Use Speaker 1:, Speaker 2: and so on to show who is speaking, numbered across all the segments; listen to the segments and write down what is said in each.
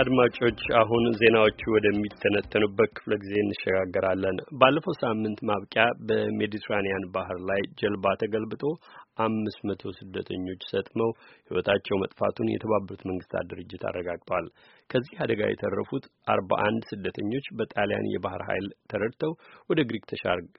Speaker 1: አድማጮች አሁን ዜናዎቹ ወደሚተነተኑበት ክፍለ ጊዜ እንሸጋገራለን። ባለፈው ሳምንት ማብቂያ በሜዲትራኒያን ባህር ላይ ጀልባ ተገልብጦ አምስት መቶ ስደተኞች ሰጥመው ሕይወታቸው መጥፋቱን የተባበሩት መንግስታት ድርጅት አረጋግጧል። ከዚህ አደጋ የተረፉት አርባ አንድ ስደተኞች በጣሊያን የባህር ኃይል ተረድተው ወደ ግሪክ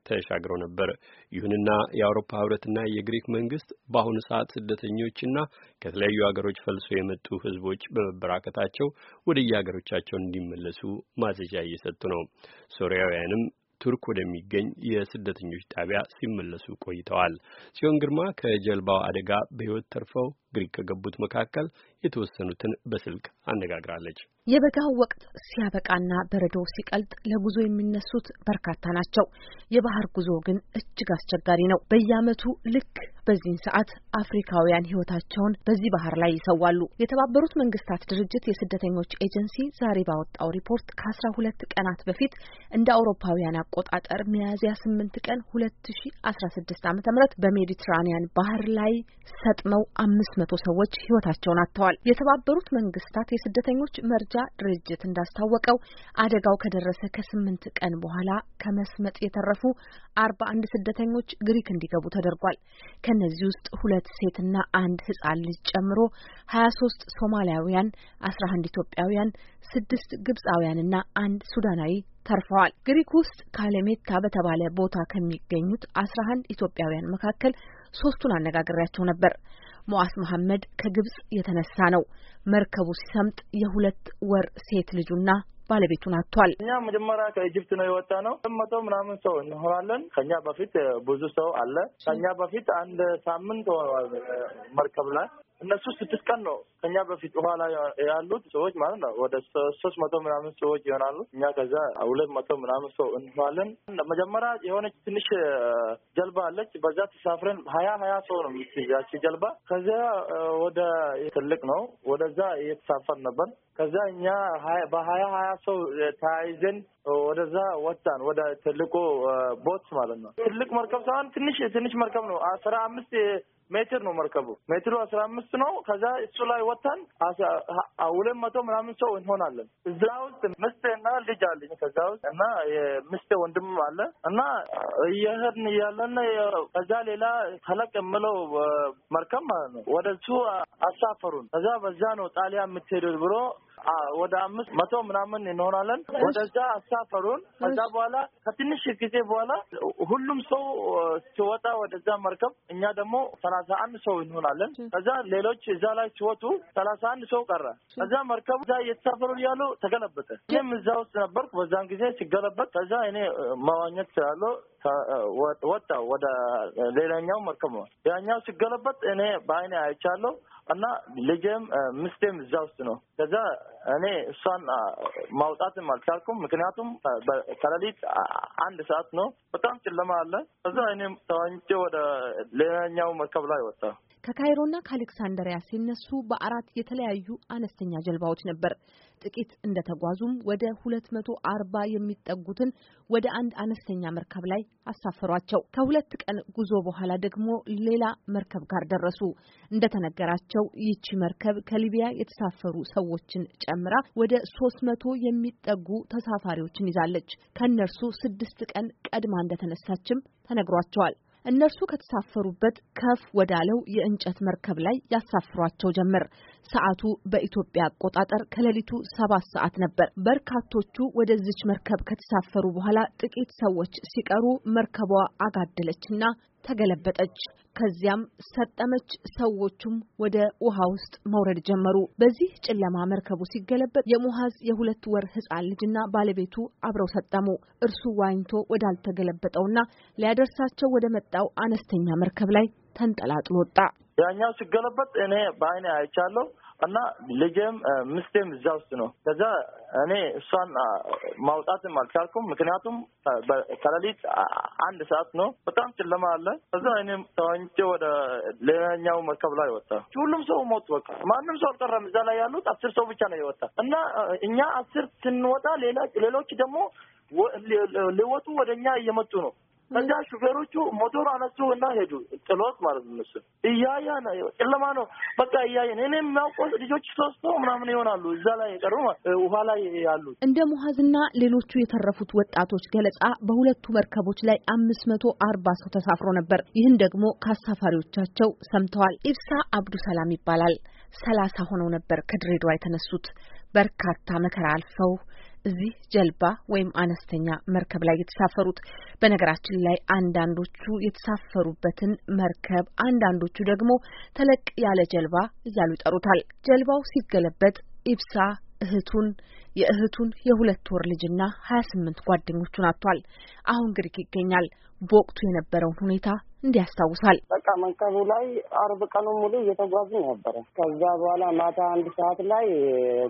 Speaker 1: ተሻግረው ነበር። ይሁንና የአውሮፓ ህብረትና የግሪክ መንግስት በአሁኑ ሰዓት ስደተኞችና ከተለያዩ ሀገሮች ፈልሶ የመጡ ህዝቦች በመበራከታቸው ወደ የሀገሮቻቸው እንዲመለሱ ማዘዣ እየሰጡ ነው። ሶሪያውያንም ቱርክ ወደሚገኝ የስደተኞች ጣቢያ ሲመለሱ ቆይተዋል። ጽዮን ግርማ ከጀልባው አደጋ በሕይወት ተርፈው ግሪክ ከገቡት መካከል የተወሰኑትን በስልክ አነጋግራለች።
Speaker 2: የበጋው ወቅት ሲያበቃና በረዶ ሲቀልጥ ለጉዞ የሚነሱት በርካታ ናቸው። የባህር ጉዞ ግን እጅግ አስቸጋሪ ነው። በየዓመቱ ልክ በዚህን ሰዓት አፍሪካውያን ሕይወታቸውን በዚህ ባህር ላይ ይሰዋሉ። የተባበሩት መንግስታት ድርጅት የስደተኞች ኤጀንሲ ዛሬ ባወጣው ሪፖርት ከአስራ ሁለት ቀናት በፊት እንደ አውሮፓውያን አቆጣጠር ሚያዝያ ስምንት ቀን ሁለት ሺ አስራ ስድስት ዓመተ ምህረት በሜዲትራኒያን ባህር ላይ ሰጥመው አምስት መቶ ሰዎች ህይወታቸውን አጥተዋል። የተባበሩት መንግስታት የስደተኞች መርጃ ድርጅት እንዳስታወቀው አደጋው ከደረሰ ከስምንት ቀን በኋላ ከመስመጥ የተረፉ አርባ አንድ ስደተኞች ግሪክ እንዲገቡ ተደርጓል። ከእነዚህ ውስጥ ሁለት ሴትና አንድ ህጻን ልጅ ጨምሮ ሀያ ሶስት ሶማሊያውያን፣ አስራ አንድ ኢትዮጵያውያን፣ ስድስት ግብጻውያንና አንድ ሱዳናዊ ተርፈዋል። ግሪክ ውስጥ ካለሜታ በተባለ ቦታ ከሚገኙት አስራ አንድ ኢትዮጵያውያን መካከል ሶስቱን አነጋግሬያቸው ነበር። ሞዓስ መሐመድ ከግብጽ የተነሳ ነው። መርከቡ ሲሰምጥ የሁለት ወር ሴት ልጁና ባለቤቱን አጥቷል። እኛ
Speaker 3: መጀመሪያ ከኢጅፕት ነው የወጣ ነው። መቶ ምናምን ሰው እንሆናለን። ከኛ በፊት ብዙ ሰው አለ። ከኛ በፊት አንድ ሳምንት መርከብ ላይ እነሱ ስድስት ቀን ነው ከኛ በፊት በኋላ ያሉት ሰዎች ማለት ነው። ወደ ሶስት መቶ ምናምን ሰዎች ይሆናሉ። እኛ ከዛ ሁለት መቶ ምናምን ሰው እንሆናለን። መጀመሪያ የሆነች ትንሽ ጀልባ አለች። በዛ ተሳፍረን ሀያ ሀያ ሰው ነው የምትይዛች ጀልባ። ከዚያ ወደ ትልቅ ነው ወደዛ እየተሳፈር ነበር። ከዛ እኛ በሀያ ሀያ ሰው ተያይዘን ወደዛ ወጣን። ወደ ትልቁ ቦት ማለት ነው። ትልቅ መርከብ ሳይሆን ትንሽ ትንሽ መርከብ ነው። አስራ አምስት ሜትር ነው መርከቡ ሜትሩ አስራ አምስት ነው። ከዛ እሱ ላይ ወጥተን ሁለት መቶ ምናምን ሰው እንሆናለን። እዛ ውስጥ ምስት እና ልጅ አለኝ ከዛ ውስጥ እና የምስት ወንድም አለ እና እየህን ያለን ከዛ ሌላ ተለቅ የምለው መርከብ ማለት ነው ወደ እሱ አሳፈሩን። ከዛ በዛ ነው ጣሊያን የምትሄደው ብሎ ወደ አምስት መቶ ምናምን እንሆናለን። ወደዛ አሳፈሩን። ከዛ በኋላ ከትንሽ ጊዜ በኋላ ሁሉም ሰው ሲወጣ ወደዛ መርከብ፣ እኛ ደግሞ ሰላሳ አንድ ሰው እንሆናለን። ከዛ ሌሎች እዛ ላይ ሲወጡ ሰላሳ አንድ ሰው ቀረ። ከዛ መርከቡ እዛ እየተሳፈሩ እያሉ ተገለበጠ። ይህም እዛ ውስጥ ነበርኩ በዛን ጊዜ ሲገለበጥ። ከዛ እኔ መዋኘት ስላለው ወጣው ወደ ሌላኛው መርከብ ነው። ያኛው ሲገለበጥ እኔ በአይኔ አይቻለሁ። እና ልጄም ምስቴም እዛ ውስጥ ነው። ከዛ እኔ እሷን ማውጣትም አልቻልኩም። ምክንያቱም ከሌሊት አንድ ሰዓት ነው፣ በጣም ጨለማ አለ። ከዛ እኔም ተዋኝቼ ወደ ሌላኛው መርከብ ላይ ወጣ።
Speaker 2: ከካይሮና ከአሌክሳንደሪያ ሲነሱ በአራት የተለያዩ አነስተኛ ጀልባዎች ነበር። ጥቂት እንደተጓዙም ወደ 240 የሚጠጉትን ወደ አንድ አነስተኛ መርከብ ላይ አሳፈሯቸው። ከሁለት ቀን ጉዞ በኋላ ደግሞ ሌላ መርከብ ጋር ደረሱ። እንደተነገራቸው ይቺ መርከብ ከሊቢያ የተሳፈሩ ሰዎችን ጨምራ ወደ 300 የሚጠጉ ተሳፋሪዎችን ይዛለች። ከእነርሱ ስድስት ቀን ቀድማ እንደተነሳችም ተነግሯቸዋል። እነርሱ ከተሳፈሩበት ከፍ ወዳለው የእንጨት መርከብ ላይ ያሳፍሯቸው ጀመር። ሰዓቱ በኢትዮጵያ አቆጣጠር ከሌሊቱ ሰባት ሰዓት ነበር። በርካቶቹ ወደዚች መርከብ ከተሳፈሩ በኋላ ጥቂት ሰዎች ሲቀሩ መርከቧ አጋደለችና ተገለበጠች። ከዚያም ሰጠመች። ሰዎቹም ወደ ውሃ ውስጥ መውረድ ጀመሩ። በዚህ ጨለማ መርከቡ ሲገለበጥ የሙሐዝ የሁለት ወር ሕፃን ልጅና ባለቤቱ አብረው ሰጠሙ። እርሱ ዋኝቶ ወዳልተገለበጠውና ሊያደርሳቸው ወደ መጣው አነስተኛ መርከብ ላይ ተንጠላጥሎ ወጣ።
Speaker 3: ያኛው ሲገለበጥ እኔ በአይኔ አይቻለሁ። እና ልጄም ምስቴም እዛ ውስጥ ነው። ከዛ እኔ እሷን ማውጣትም አልቻልኩም። ምክንያቱም ከሌሊት አንድ ሰዓት ነው፣ በጣም ጨለማ አለ። ከዛ እኔም ተዋኝቼ ወደ ሌላኛው መርከብ ላይ ወጣ። ሁሉም ሰው ሞት፣ በቃ ማንም ሰው አልቀረም። እዛ ላይ ያሉት አስር ሰው ብቻ ነው የወጣ እና እኛ አስር ስንወጣ ሌሎች ደግሞ ሊወጡ ወደ እኛ እየመጡ ነው እንዲያ ሹፌሮቹ ሞቶር አነሱ እና ሄዱ። ጥሎት ማለት ነው። እሱ እያያ ነው፣ ጨለማ ነው። በቃ እያየ ነው። እኔ የሚያውቀው ልጆች ሶስቶ ምናምን ይሆናሉ እዛ ላይ የቀሩ ውሃ ላይ ያሉ
Speaker 2: እንደ ሙሀዝና ሌሎቹ የተረፉት ወጣቶች ገለጻ በሁለቱ መርከቦች ላይ አምስት መቶ አርባ ሰው ተሳፍሮ ነበር። ይህን ደግሞ ከአሳፋሪዎቻቸው ሰምተዋል። ኢብሳ አብዱ ሰላም ይባላል። ሰላሳ ሆነው ነበር ከድሬዳዋ የተነሱት በርካታ መከራ አልፈው እዚህ ጀልባ ወይም አነስተኛ መርከብ ላይ የተሳፈሩት። በነገራችን ላይ አንዳንዶቹ የተሳፈሩበትን መርከብ፣ አንዳንዶቹ ደግሞ ተለቅ ያለ ጀልባ እያሉ ይጠሩታል። ጀልባው ሲገለበጥ ኢብሳ እህቱን የእህቱን የሁለት ወር ልጅና ሀያ ስምንት ጓደኞቹን አጥቷል። አሁን ግሪክ ይገኛል። በወቅቱ የነበረውን ሁኔታ እንዲህ ያስታውሳል።
Speaker 4: በቃ መንከቡ ላይ አርብ ቀኑ ሙሉ እየተጓዙ ነበረ። ከዛ በኋላ ማታ አንድ ሰዓት ላይ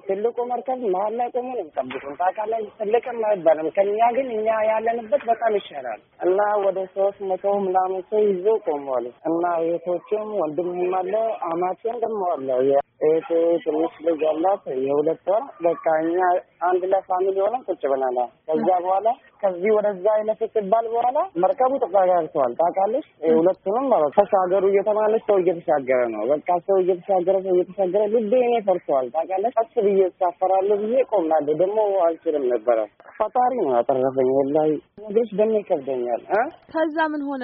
Speaker 4: ትልቁ መርከብ መሀል ላይ ቆሞ ነው የሚጠብቁን። ላይ ትልቅም አይባልም ከኛ ግን እኛ ያለንበት በጣም ይሻላል እና ወደ ሶስት መቶ ምናምን ሰው ይዞ ቆመዋል እና እህቶችም ወንድምም አለ አማቼም ደሞ አለ እህት ትንሽ ልጅ አላት የሁለት ወር። በቃ እኛ አንድ ላይ ፋሚሊ ሆነን ቁጭ ብናላ። ከዛ በኋላ ከዚህ ወደዛ አይነት ስትባል በኋላ መርከቡ ተጋግተዋል። ታውቃለች ሁለቱንም ማለት ተሻገሩ እየተባለች ሰው እየተሻገረ ነው። በቃ ሰው እየተሻገረ ሰው እየተሻገረ ልቤ እኔ ፈርሰዋል። ታውቃለች ቀስ ብዬ ተሳፈራለሁ ብዬ ቆምላለሁ። ደግሞ አልችልም ነበረ። ፈጣሪ ነው ያጠረፈኝ ላይ ነገሮች ደሜ ይከብደኛል።
Speaker 2: ከዛ ምን ሆነ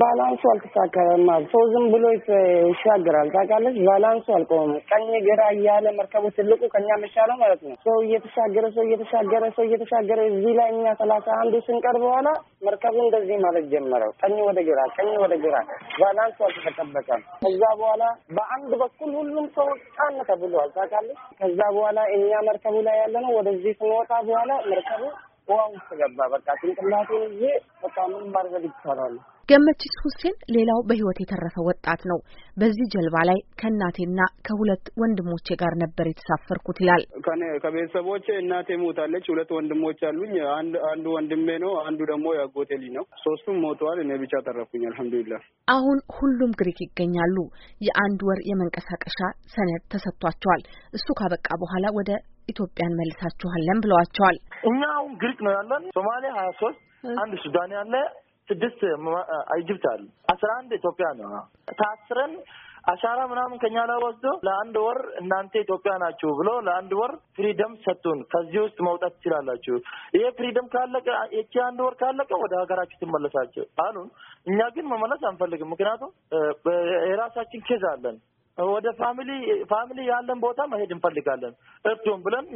Speaker 4: ባላንሱ አልተሳካም። ሰው ዝም ብሎ ይሻገራል። ታውቃለች። ባላንሱ አልቆመም። ቀኝ ግራ እያለ መርከቡ ትልቁ ከኛ መሻለው ማለት ነው። ሰው እየተሻገረ ሰው እየተሻገረ ሰው እየተሻገረ እዚህ ላይ እኛ ሰላሳ አንዱ ስንቀር በኋላ መርከቡ እንደዚህ ማለት ጀመረው። ቀኝ ወደ ግራ፣ ቀኝ ወደ ግራ። ባላንሱ አልተጠበቀም። ከዛ በኋላ በአንድ በኩል ሁሉም ሰው ጫን ተብሏል። ታውቃለች። ከዛ በኋላ እኛ መርከቡ ላይ ያለ ነው። ወደዚህ ስንወጣ በኋላ መርከቡ ውሃ ውስጥ ገባ። በቃ ጭንቅላቴን ይዤ በቃ ምን ማድረግ ይቻላል?
Speaker 2: ገመችስ ሁሴን ሌላው በህይወት የተረፈ ወጣት ነው። በዚህ ጀልባ ላይ ከእናቴና ከሁለት ወንድሞቼ ጋር ነበር የተሳፈርኩት ይላል።
Speaker 3: ከቤተሰቦቼ እናቴ ሞታለች። ሁለት ወንድሞች አሉኝ። አንዱ ወንድሜ ነው፣ አንዱ ደግሞ የአጎቴ ልጅ ነው። ሶስቱም ሞተዋል። እኔ ብቻ ተረፍኩኝ። አልሐምዱሊላ።
Speaker 2: አሁን ሁሉም ግሪክ ይገኛሉ። የአንድ ወር የመንቀሳቀሻ ሰነድ ተሰጥቷቸዋል። እሱ ካበቃ በኋላ ወደ ኢትዮጵያን መልሳችኋለን ብለዋቸዋል።
Speaker 3: እኛ አሁን ግሪክ ነው ያለን። ሶማሌ ሀያ ሶስት አንድ ሱዳን ያለ ስድስት ኢጅፕት አሉ፣ አስራ አንድ ኢትዮጵያ ነው። ታስረን አሻራ ምናምን ከኛ ላይ ወስዶ ለአንድ ወር እናንተ ኢትዮጵያ ናችሁ ብሎ ለአንድ ወር ፍሪደም ሰጡን። ከዚህ ውስጥ መውጣት ትችላላችሁ። ይሄ ፍሪደም ካለቀ ይቺ አንድ ወር ካለቀ ወደ ሀገራችሁ ትመለሳችሁ አሉን። እኛ ግን መመለስ አንፈልግም። ምክንያቱም የራሳችን ኬዝ አለን። ወደ ፋሚሊ ፋሚሊ ያለን ቦታ መሄድ እንፈልጋለን እርዱን ብለን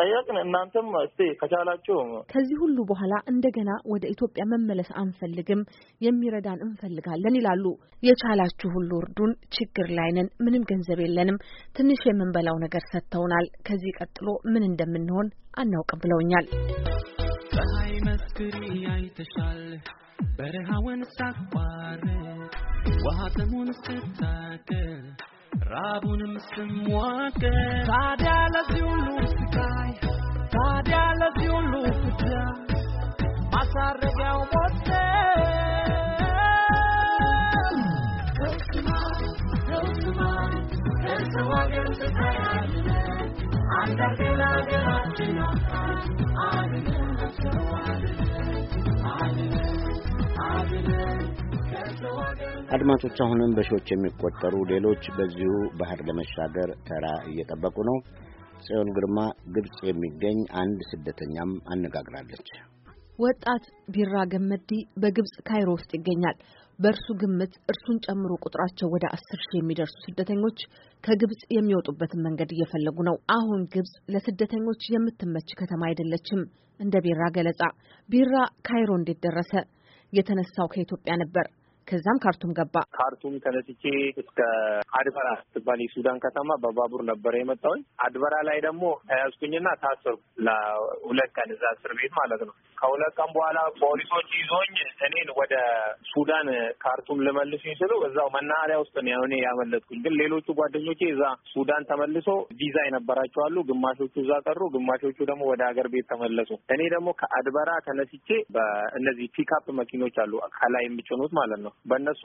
Speaker 3: ጠየቅን። እናንተም እስቲ ከቻላችሁ
Speaker 2: ከዚህ ሁሉ በኋላ እንደገና ወደ ኢትዮጵያ መመለስ አንፈልግም፣ የሚረዳን እንፈልጋለን ይላሉ። የቻላችሁ ሁሉ እርዱን፣ ችግር ላይ ነን፣ ምንም ገንዘብ የለንም፣ ትንሽ የምንበላው ነገር ሰጥተውናል። ከዚህ ቀጥሎ ምን እንደምንሆን አናውቅም ብለውኛል።
Speaker 5: ፀሐይ መስክሪ አይተሻል በረሃውን ሳቋር ውሃ ጥሙን ስታገል ራቡንም ስሟገር ታዲያ ለዚህ ሁሉ ስቃይ ታዲያ ለዚህ ሁሉ ፍዳ ማሳረጊያው ሞት Thank you.
Speaker 4: አድማጮች አሁንም በሺዎች የሚቆጠሩ ሌሎች በዚሁ ባህር ለመሻገር ተራ እየጠበቁ ነው። ጽዮን ግርማ ግብጽ የሚገኝ አንድ ስደተኛም አነጋግራለች።
Speaker 2: ወጣት ቢራ ገመዲ በግብጽ ካይሮ ውስጥ ይገኛል። በእርሱ ግምት እርሱን ጨምሮ ቁጥራቸው ወደ አስር ሺህ የሚደርሱ ስደተኞች ከግብጽ የሚወጡበትን መንገድ እየፈለጉ ነው። አሁን ግብጽ ለስደተኞች የምትመች ከተማ አይደለችም። እንደ ቢራ ገለጻ ቢራ ካይሮ እንዴት ደረሰ? የተነሳው ከኢትዮጵያ ነበር። ከዛም ካርቱም ገባ።
Speaker 1: ካርቱም ተነስቼ እስከ አድበራ ትባል የሱዳን ከተማ በባቡር ነበረ የመጣውኝ። አድበራ ላይ ደግሞ ተያዝኩኝና ታሰርኩ ለሁለት ቀን እዛ እስር ቤት ማለት ነው። ከሁለት ቀን በኋላ ፖሊሶች ይዞኝ እኔን ወደ ሱዳን ካርቱም ልመልስ ይችሉ እዛው መናኸሪያ ውስጥ ነው እኔ ያመለጥኩኝ። ግን ሌሎቹ ጓደኞቼ እዛ ሱዳን ተመልሶ ቪዛ የነበራቸው አሉ። ግማሾቹ እዛ ቀሩ፣ ግማሾቹ ደግሞ ወደ ሀገር ቤት ተመለሱ። እኔ ደግሞ ከአድበራ ተነስቼ በእነዚህ ፒክአፕ መኪኖች አሉ ከላይ የሚጭኑት ማለት ነው። በእነሱ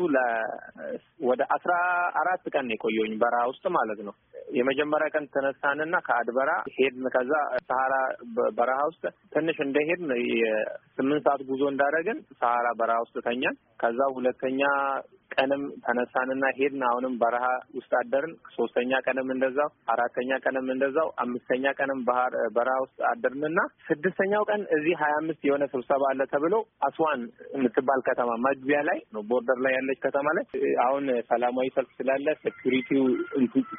Speaker 1: ወደ አስራ አራት ቀን የቆየኝ በረሃ ውስጥ ማለት ነው። የመጀመሪያ ቀን ተነሳንና ከአድበራ ሄድን። ከዛ ሰሀራ በረሃ ውስጥ ትንሽ እንደሄድን የስምንት ሰዓት ጉዞ እንዳደረግን ሰሀራ በረሃ ውስጥ ተኛን። ከዛ ሁለተኛ ቀንም ተነሳንና ሄድን። አሁንም በረሃ ውስጥ አደርን። ሶስተኛ ቀንም እንደዛው፣ አራተኛ ቀንም እንደዛው፣ አምስተኛ ቀንም በረሃ ውስጥ አደርንና ስድስተኛው ቀን እዚህ ሀያ አምስት የሆነ ስብሰባ አለ ተብሎ አስዋን የምትባል ከተማ መግቢያ ላይ ነው፣ ቦርደር ላይ ያለች ከተማ ላይ አሁን ሰላማዊ ሰልፍ ስላለ ሴኩሪቲው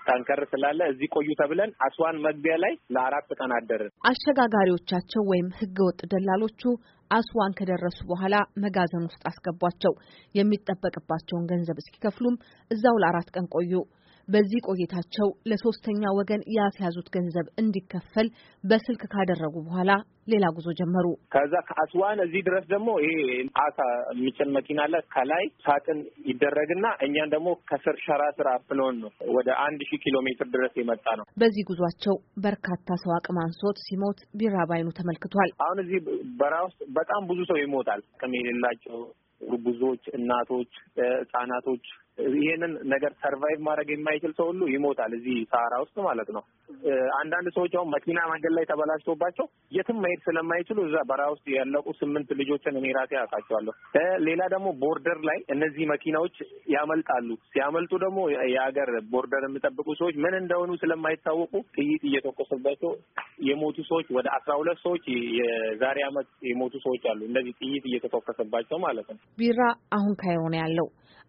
Speaker 1: ታንከር ስላለ እዚህ ቆዩ ተብለን አስዋን መግቢያ ላይ ለአራት ቀን አደርን።
Speaker 2: አሸጋጋሪዎቻቸው ወይም ህገወጥ ደላሎቹ አስዋን ከደረሱ በኋላ መጋዘን ውስጥ አስገቧቸው። የሚጠበቅባቸውን ገንዘብ እስኪከፍሉም እዛው ለአራት ቀን ቆዩ። በዚህ ቆይታቸው ለሶስተኛ ወገን ያስያዙት ገንዘብ እንዲከፈል በስልክ ካደረጉ በኋላ ሌላ ጉዞ ጀመሩ።
Speaker 1: ከዛ ከአስዋን እዚህ ድረስ ደግሞ ይሄ አሳ የሚችል መኪና አለ። ከላይ ሳጥን ይደረግና እኛን ደግሞ ከስር ሸራ ስራ አፍሎን ነው ወደ አንድ ሺህ ኪሎ ሜትር ድረስ የመጣ ነው።
Speaker 2: በዚህ ጉዟቸው በርካታ ሰው አቅም አንሶት ሲሞት ቢራ ባይኑ ተመልክቷል።
Speaker 1: አሁን እዚህ በረሃ ውስጥ በጣም ብዙ ሰው ይሞታል። አቅም የሌላቸው ጉዞዎች፣ እናቶች፣ ህጻናቶች ይሄንን ነገር ሰርቫይቭ ማድረግ የማይችል ሰው ሁሉ ይሞታል እዚህ ሳራ ውስጥ ማለት ነው። አንዳንድ ሰዎች አሁን መኪና መንገድ ላይ ተበላሽቶባቸው የትም መሄድ ስለማይችሉ እዛ በራ ውስጥ ያለቁ ስምንት ልጆችን እኔ ራሴ ያውቃቸዋለሁ። ሌላ ደግሞ ቦርደር ላይ እነዚህ መኪናዎች ያመልጣሉ። ሲያመልጡ ደግሞ የሀገር ቦርደር የሚጠብቁ ሰዎች ምን እንደሆኑ ስለማይታወቁ ጥይት እየተኮሰባቸው የሞቱ ሰዎች ወደ አስራ ሁለት ሰዎች የዛሬ አመት የሞቱ ሰዎች አሉ። እንደዚህ ጥይት እየተኮሰባቸው ማለት ነው።
Speaker 2: ቢራ አሁን ካይሆነ ያለው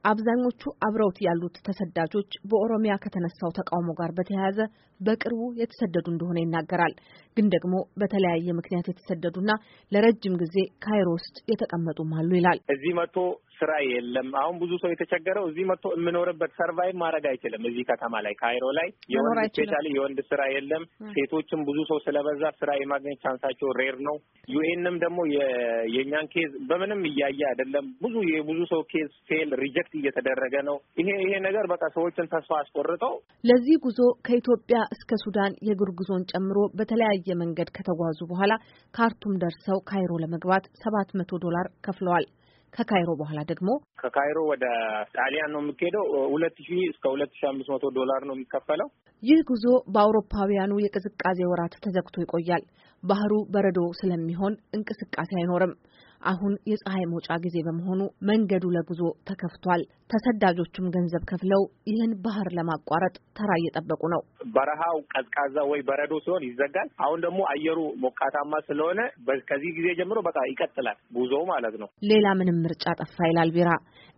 Speaker 2: አብዛኞቹ አብረውት ያሉት ተሰዳጆች በኦሮሚያ ከተነሳው ተቃውሞ ጋር በተያያዘ በቅርቡ የተሰደዱ እንደሆነ ይናገራል። ግን ደግሞ በተለያየ ምክንያት የተሰደዱና ለረጅም ጊዜ ካይሮ ውስጥ የተቀመጡም አሉ ይላል።
Speaker 1: እዚህ መጥቶ ስራ የለም። አሁን ብዙ ሰው የተቸገረው እዚህ መጥቶ የምኖርበት ሰርቫይቭ ማድረግ አይችልም። እዚህ ከተማ ላይ ካይሮ ላይ የወንድ ስፔሻሊ የወንድ ስራ የለም። ሴቶችም ብዙ ሰው ስለበዛ ስራ የማግኘት ቻንሳቸው ሬር ነው። ዩኤንም ደግሞ የእኛን ኬዝ በምንም እያየ አይደለም። ብዙ የብዙ ሰው ኬዝ ፌል ሪጀክት እየተደረገ ነው። ይሄ ይሄ ነገር በቃ ሰዎችን ተስፋ አስቆርጠው
Speaker 2: ለዚህ ጉዞ ከኢትዮጵያ እስከ ሱዳን የእግር ጉዞን ጨምሮ በተለያየ መንገድ ከተጓዙ በኋላ ካርቱም ደርሰው ካይሮ ለመግባት ሰባት መቶ ዶላር ከፍለዋል። ከካይሮ በኋላ ደግሞ
Speaker 1: ከካይሮ ወደ ጣሊያን ነው የሚካሄደው። ሁለት ሺ እስከ ሁለት ሺ አምስት መቶ ዶላር ነው የሚከፈለው።
Speaker 2: ይህ ጉዞ በአውሮፓውያኑ የቅዝቃዜ ወራት ተዘግቶ ይቆያል። ባህሩ በረዶ ስለሚሆን እንቅስቃሴ አይኖርም። አሁን የፀሐይ መውጫ ጊዜ በመሆኑ መንገዱ ለጉዞ ተከፍቷል። ተሰዳጆቹም ገንዘብ ከፍለው ይህን ባህር ለማቋረጥ ተራ እየጠበቁ ነው።
Speaker 1: በረሃው ቀዝቃዛ ወይ በረዶ ሲሆን ይዘጋል። አሁን ደግሞ አየሩ ሞቃታማ ስለሆነ ከዚህ ጊዜ ጀምሮ በቃ ይቀጥላል ጉዞ ማለት ነው።
Speaker 2: ሌላ ምንም ምርጫ ጠፋ ይላል ቢራ።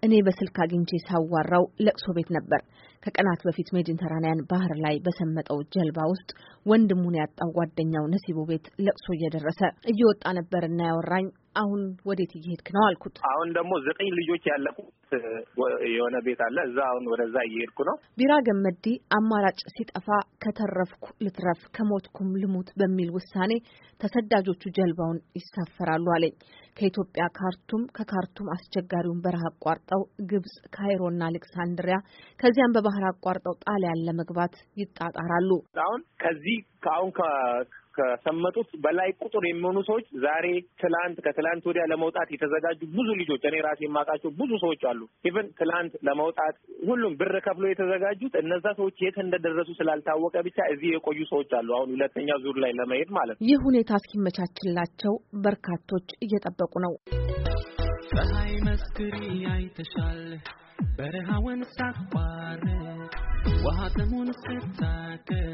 Speaker 2: እኔ በስልክ አግኝቼ ሳዋራው ለቅሶ ቤት ነበር። ከቀናት በፊት ሜዲተራንያን ባህር ላይ በሰመጠው ጀልባ ውስጥ ወንድሙን ያጣው ጓደኛው ነሲቦ ቤት ለቅሶ እየደረሰ እየወጣ ነበርና ያወራኝ አሁን ወዴት እየሄድክ ነው አልኩት።
Speaker 1: አሁን ደግሞ ዘጠኝ ልጆች ያለቁት የሆነ ቤት አለ እዛ አሁን ወደዛ እየሄድኩ ነው።
Speaker 2: ቢራ ገመዲ አማራጭ ሲጠፋ ከተረፍኩ ልትረፍ ከሞትኩም ልሙት በሚል ውሳኔ ተሰዳጆቹ ጀልባውን ይሳፈራሉ አለኝ። ከኢትዮጵያ ካርቱም፣ ከካርቱም አስቸጋሪውን በረሃ አቋርጠው ግብጽ፣ ካይሮና አሌክሳንድሪያ ከዚያም በባህር አቋርጠው ጣሊያን ለመግባት ይጣጣራሉ።
Speaker 1: አሁን ከዚህ አሁን ከሰመጡት በላይ ቁጥር የሚሆኑ ሰዎች ዛሬ፣ ትላንት፣ ከትላንት ወዲያ ለመውጣት የተዘጋጁ ብዙ ልጆች እኔ ራሴ የማውቃቸው ብዙ ሰዎች አሉ። ኢቨን ትላንት ለመውጣት ሁሉም ብር ከፍሎ የተዘጋጁት እነዛ ሰዎች የት እንደደረሱ ስላልታወቀ ብቻ እዚህ የቆዩ ሰዎች አሉ። አሁን ሁለተኛ ዙር ላይ ለመሄድ ማለት
Speaker 2: ነው። ይህ ሁኔታ እስኪመቻችላቸው በርካቶች እየጠበቁ ነው።
Speaker 5: ፀሐይ መስክሪ አይተሻል በረሃውን ሳቋረ ውሃ ጥሙን ስታከል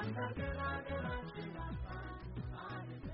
Speaker 5: Anda kala kala chila pa, anda